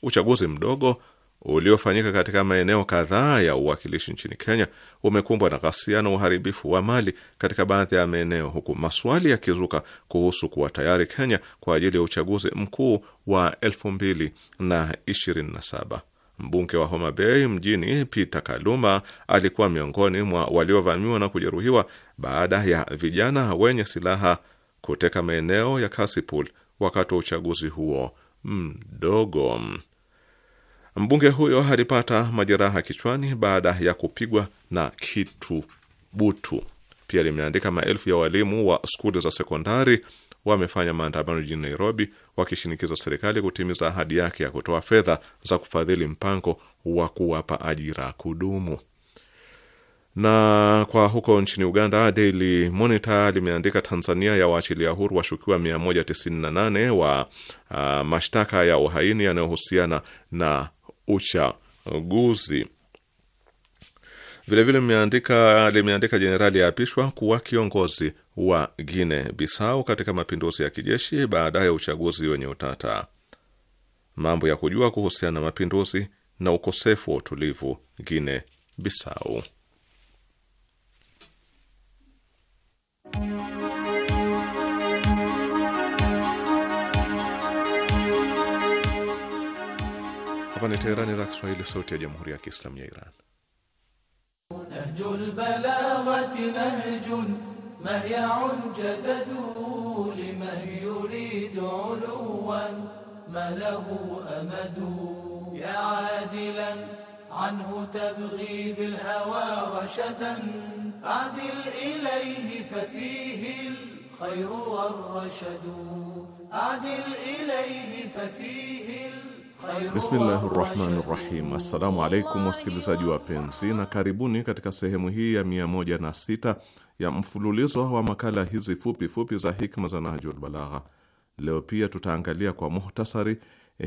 Uchaguzi mdogo uliofanyika katika maeneo kadhaa ya uwakilishi nchini Kenya umekumbwa na ghasia na uharibifu wa mali katika baadhi ya maeneo, huku maswali yakizuka kuhusu kuwa tayari Kenya kwa ajili ya uchaguzi mkuu wa 2027. Mbunge wa Homa Bay mjini Peter Kaluma alikuwa miongoni mwa waliovamiwa na kujeruhiwa baada ya vijana wenye silaha kuteka maeneo ya Kasipul wakati wa uchaguzi huo mdogo. Mm, Mbunge huyo alipata majeraha kichwani baada ya kupigwa na kitu butu. Pia limeandika maelfu ya walimu wa skuli za sekondari wamefanya maandamano jijini Nairobi wakishinikiza serikali kutimiza ahadi yake ya kutoa fedha za kufadhili mpango wa kuwapa ajira kudumu. Na kwa huko nchini Uganda, Daily Monitor limeandika Tanzania ya waachilia huru washukiwa 198 wa, wa uh, mashtaka ya uhaini yanayohusiana na uchaguzi. Vilevile limeandika jenerali yaapishwa kuwa kiongozi wa guine Bissau katika mapinduzi ya kijeshi baada ya uchaguzi wenye utata. Mambo ya kujua kuhusiana na mapinduzi na ukosefu wa utulivu guine bisau Hapa ni Teherani, idhaa Kiswahili, sauti ya jamhuri ya kiislamu ya Iran. Adil ilayhi fafihi Bismillahi rahmani rahim. Assalamu alaikum wasikilizaji wapenzi, na karibuni katika sehemu hii ya 106 ya mfululizo wa makala hizi fupi fupi za hikma za Nahjul Balagha. Leo pia tutaangalia kwa muhtasari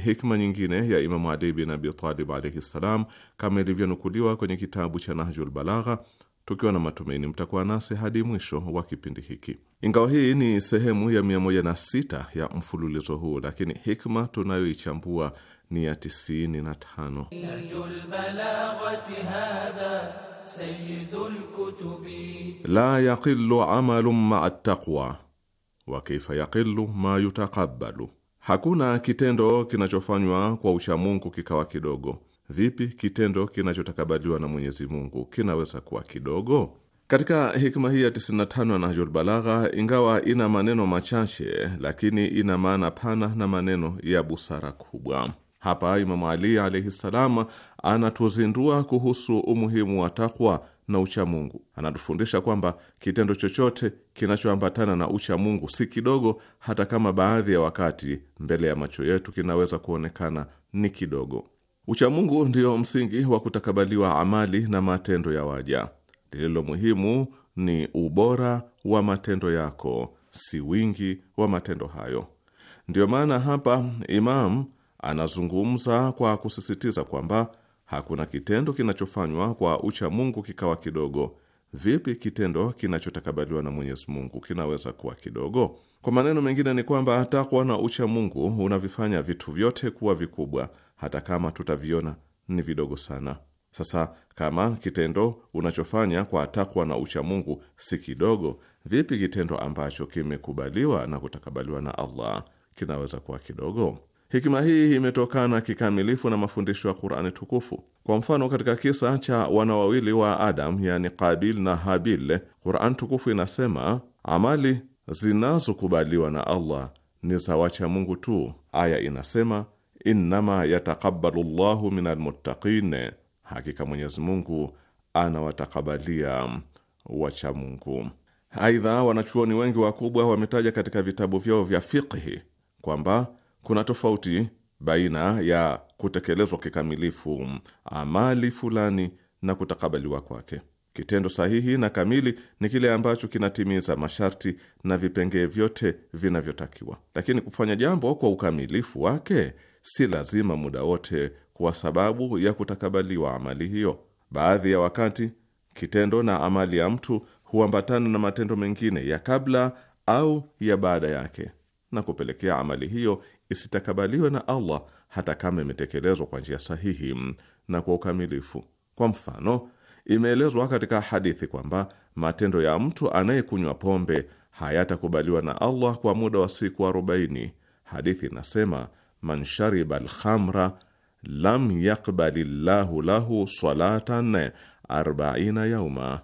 hikma nyingine ya Imamu Ali bin Abi Talib alaihi ssalam, kama ilivyonukuliwa kwenye kitabu cha Nahjul Balagha tukiwa na matumaini mtakuwa nasi hadi mwisho wa kipindi hiki. Ingawa hii ni sehemu ya 106 ya mfululizo huu, lakini hikma tunayoichambua ni ya 95 la yaqilu amalu maa taqwa wa kaifa yaqilu ma yutaqabalu, hakuna kitendo kinachofanywa kwa uchamungu kikawa kidogo Vipi kitendo kinachotakabaliwa na Mwenyezi Mungu kinaweza kuwa kidogo? Katika hikma hii ya 95 ya Nahjul Balagha, ingawa ina maneno machache, lakini ina maana pana na maneno ya busara kubwa. Hapa Imamu Ali alaihi ssalam anatuzindua kuhusu umuhimu wa takwa na uchamungu. Anatufundisha kwamba kitendo chochote kinachoambatana na uchamungu si kidogo, hata kama baadhi ya wakati mbele ya macho yetu kinaweza kuonekana ni kidogo. Uchamungu ndiyo msingi wa kutakabaliwa amali na matendo ya waja. Lililo muhimu ni ubora wa matendo yako, si wingi wa matendo hayo. Ndiyo maana hapa Imam anazungumza kwa kusisitiza kwamba hakuna kitendo kinachofanywa kwa ucha mungu kikawa kidogo. Vipi kitendo kinachotakabaliwa na Mwenyezi Mungu kinaweza kuwa kidogo? Kwa maneno mengine ni kwamba takwa na ucha mungu unavifanya vitu vyote kuwa vikubwa hata kama tutaviona ni vidogo sana. Sasa kama kitendo unachofanya kwa takwa na uchamungu si kidogo, vipi kitendo ambacho kimekubaliwa na kutakabaliwa na Allah kinaweza kuwa kidogo? Hikima hii imetokana kikamilifu na mafundisho ya Qur'ani tukufu. Kwa mfano, katika kisa cha wana wawili wa Adam, yani Qabil na Habil, Qur'an tukufu inasema amali zinazokubaliwa na Allah ni za wacha Mungu tu. Aya inasema innama yataqabbalu llahu min almuttaqin, hakika Mwenyezi Mungu anawatakabalia wacha Mungu. Aidha, wanachuoni wengi wakubwa wametaja katika vitabu vyao vya fiqhi kwamba kuna tofauti baina ya kutekelezwa kikamilifu amali fulani na kutakabaliwa kwake. Kitendo sahihi na kamili ni kile ambacho kinatimiza masharti na vipengee vyote vinavyotakiwa, lakini kufanya jambo kwa ukamilifu wake si lazima muda wote kwa sababu ya kutakabaliwa amali hiyo. Baadhi ya wakati kitendo na amali ya mtu huambatana na matendo mengine ya kabla au ya baada yake na kupelekea amali hiyo isitakabaliwe na Allah hata kama imetekelezwa kwa njia sahihi na kwa ukamilifu. Kwa mfano, imeelezwa katika hadithi kwamba matendo ya mtu anayekunywa pombe hayatakubaliwa na Allah kwa muda wa siku arobaini. Hadithi inasema man shariba alkhamra lam yaqbali llahu lahu salatan arbaina yauma,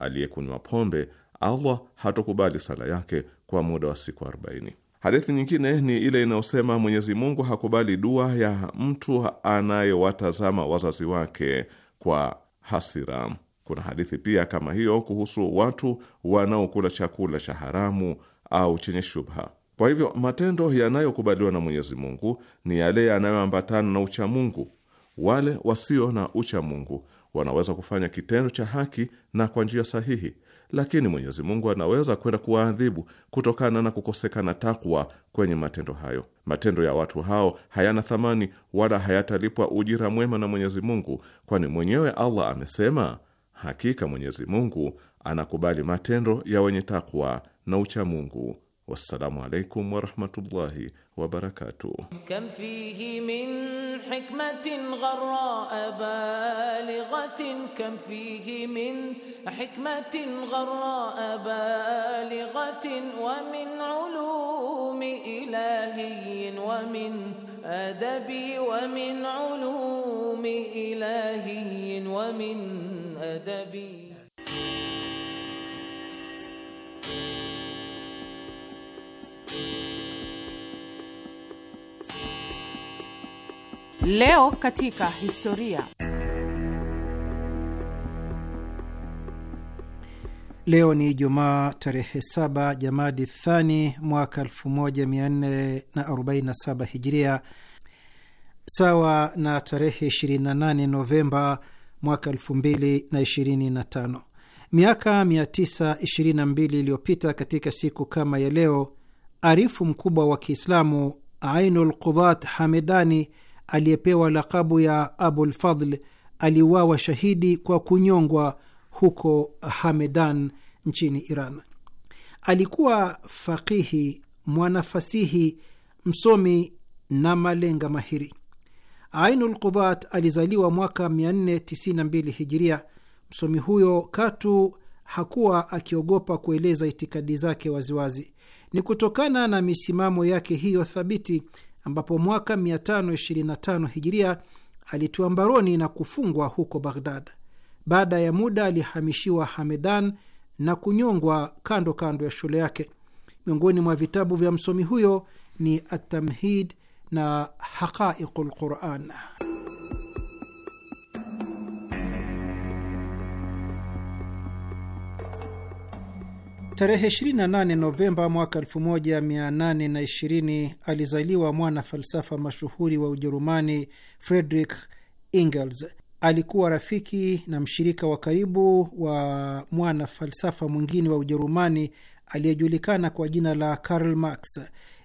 aliyekunywa pombe Allah hatokubali sala yake kwa muda wa siku arobaini. Hadithi nyingine ni ile inayosema Mwenyezi Mungu hakubali dua ya mtu anayewatazama wazazi wake kwa hasira. Kuna hadithi pia kama hiyo kuhusu watu wanaokula chakula cha haramu au chenye shubha. Kwa hivyo matendo yanayokubaliwa na Mwenyezi Mungu ni yale yanayoambatana na uchamungu. Wale wasio na uchamungu wanaweza kufanya kitendo cha haki na kwa njia sahihi, lakini Mwenyezi Mungu anaweza kwenda kuwaadhibu kutokana na kukosekana takwa kwenye matendo hayo. Matendo ya watu hao hayana thamani wala hayatalipwa ujira mwema na Mwenyezi Mungu, kwani mwenyewe Allah amesema, hakika Mwenyezi Mungu anakubali matendo ya wenye takwa na uchamungu. Wassalamu alaikum warahmatullahi wabarakatuh. Kam fihi min hikmatin gharra balighatin kam fihi min hikmatin gharra balighatin wa min ulumi ilahiyin wa min adabi wa min ulumi ilahiyin wa min adabi Leo katika historia. Leo ni Ijumaa tarehe 7 Jamadi Thani mwaka 1447 Hijiria, sawa na tarehe 28 Novemba mwaka 2025. Miaka 922 iliyopita katika siku kama ya leo, arifu mkubwa wa Kiislamu Ainul Qudhat Hamedani aliyepewa lakabu ya Abulfadl aliuawa shahidi kwa kunyongwa huko Hamedan nchini Iran. Alikuwa fakihi, mwanafasihi, msomi na malenga mahiri. Ainul Qudhat alizaliwa mwaka 492 Hijiria. Msomi huyo katu hakuwa akiogopa kueleza itikadi zake waziwazi. Ni kutokana na misimamo yake hiyo thabiti ambapo mwaka 525 hijiria alitiwa mbaroni na kufungwa huko Baghdad. Baada ya muda alihamishiwa Hamedan na kunyongwa kando kando ya shule yake. Miongoni mwa vitabu vya msomi huyo ni Atamhid na Haqaiqul Quran. Tarehe 28 Novemba mwaka 1820 alizaliwa mwana falsafa mashuhuri wa Ujerumani Friedrich Engels. Alikuwa rafiki na mshirika wa karibu wa mwana falsafa mwingine wa Ujerumani aliyejulikana kwa jina la Karl Marx.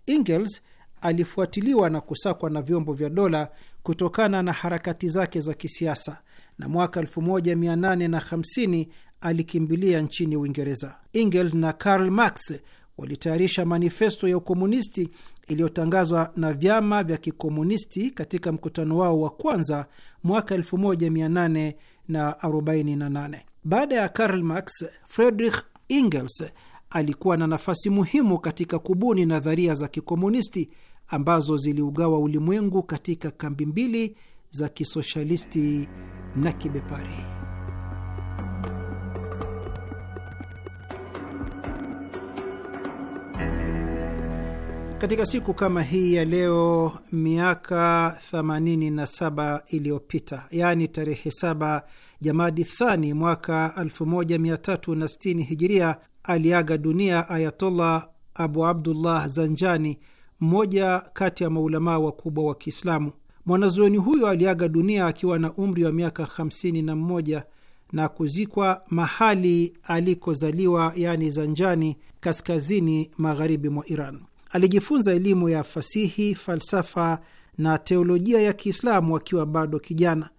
Engels alifuatiliwa na kusakwa na vyombo vya dola kutokana na harakati zake za kisiasa na mwaka 1850 alikimbilia nchini Uingereza. Engels na Karl Marx walitayarisha manifesto ya ukomunisti iliyotangazwa na vyama vya kikomunisti katika mkutano wao wa kwanza mwaka 1848. Baada ya Karl Marx, Friedrich Engels alikuwa na nafasi muhimu katika kubuni nadharia za kikomunisti ambazo ziliugawa ulimwengu katika kambi mbili za kisoshalisti na kibepari. Katika siku kama hii ya leo miaka 87 iliyopita, yaani tarehe 7 Jamadi Thani mwaka 1360 Hijiria, aliaga dunia Ayatollah Abu Abdullah Zanjani, mmoja kati ya maulamaa wakubwa wa Kiislamu. Mwanazuoni huyo aliaga dunia akiwa na umri wa miaka 51 na kuzikwa mahali alikozaliwa, yaani Zanjani, kaskazini magharibi mwa Iran. Alijifunza elimu ya fasihi, falsafa na teolojia ya Kiislamu akiwa bado kijana.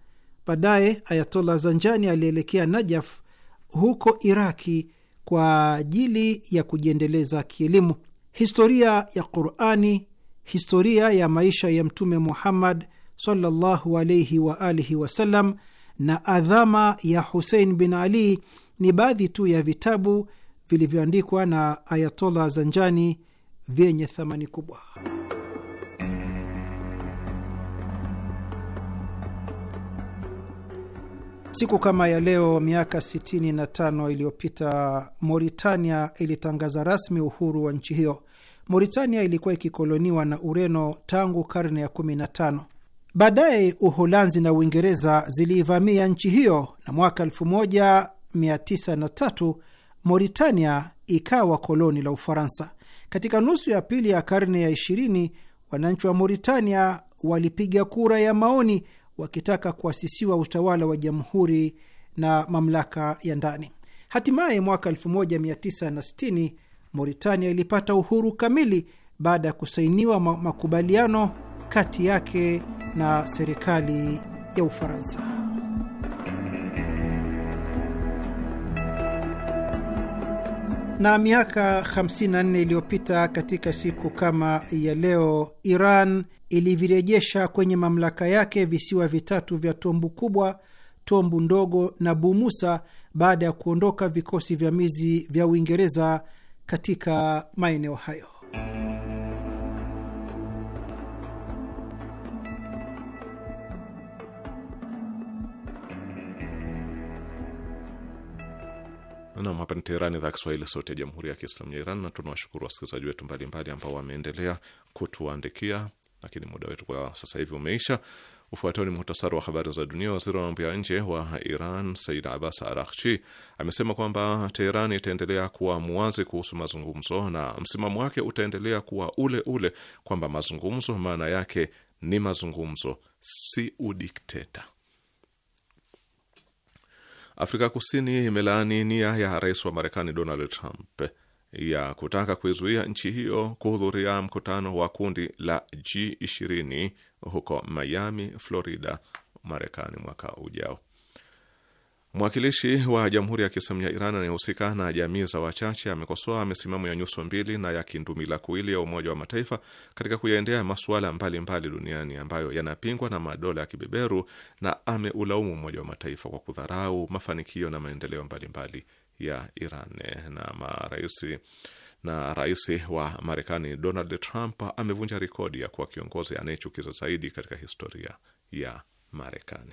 Baadaye Ayatollah Zanjani alielekea Najaf huko Iraki kwa ajili ya kujiendeleza kielimu. Historia ya Qurani, historia ya maisha ya Mtume Muhammad sallallahu alaihi wa alihi wasallam na adhama ya Husein bin Ali ni baadhi tu ya vitabu vilivyoandikwa na Ayatollah Zanjani vyenye thamani kubwa. Siku kama ya leo miaka 65 iliyopita Mauritania ilitangaza rasmi uhuru wa nchi hiyo. Mauritania ilikuwa ikikoloniwa na Ureno tangu karne ya 15. Baadaye Uholanzi na Uingereza ziliivamia nchi hiyo na mwaka 1903 Mauritania ikawa koloni la Ufaransa. Katika nusu ya pili ya karne ya ishirini, wananchi wa Mauritania walipiga kura ya maoni wakitaka kuasisiwa utawala wa jamhuri na mamlaka ya ndani. Hatimaye mwaka 1960 Mauritania ilipata uhuru kamili baada ya kusainiwa makubaliano kati yake na serikali ya Ufaransa. Na miaka 54 iliyopita katika siku kama ya leo, Iran ilivirejesha kwenye mamlaka yake visiwa vitatu vya Tombu Kubwa, Tombu Ndogo na Bumusa baada ya kuondoka vikosi vya mizi vya Uingereza katika maeneo hayo. na hapa Teherani, idhaa Kiswahili, sauti ya jamhuri ya kiislamu ya Iran. Na tunawashukuru wasikilizaji wetu mbalimbali ambao wameendelea kutuandikia, lakini muda wetu kwa sasa hivi umeisha. Ufuatao ni muhtasari wa habari za dunia. Waziri wa mambo ya nje wa Iran Said Abbas Arakchi amesema kwamba Teherani itaendelea kuwa muwazi kuhusu mazungumzo na msimamo wake utaendelea kuwa ule ule, kwamba mazungumzo maana yake ni mazungumzo, si udikteta. Afrika Kusini imelaani nia ya rais wa Marekani Donald Trump ya kutaka kuizuia nchi hiyo kuhudhuria mkutano wa kundi la G20 huko Miami, Florida, Marekani mwaka ujao. Mwakilishi wa Jamhuri ya Kiislamu ya Iran anayehusika na jamii za wachache amekosoa misimamo ya nyuso mbili na ya kindumila kuili ya Umoja wa Mataifa katika kuyaendea masuala mbalimbali duniani ambayo yanapingwa na madola ya kibeberu na ameulaumu Umoja wa Mataifa kwa kudharau mafanikio na maendeleo mbalimbali ya Iran. Na maraisi na rais wa Marekani Donald Trump amevunja rekodi ya kuwa kiongozi anayechukiza zaidi katika historia ya Marekani.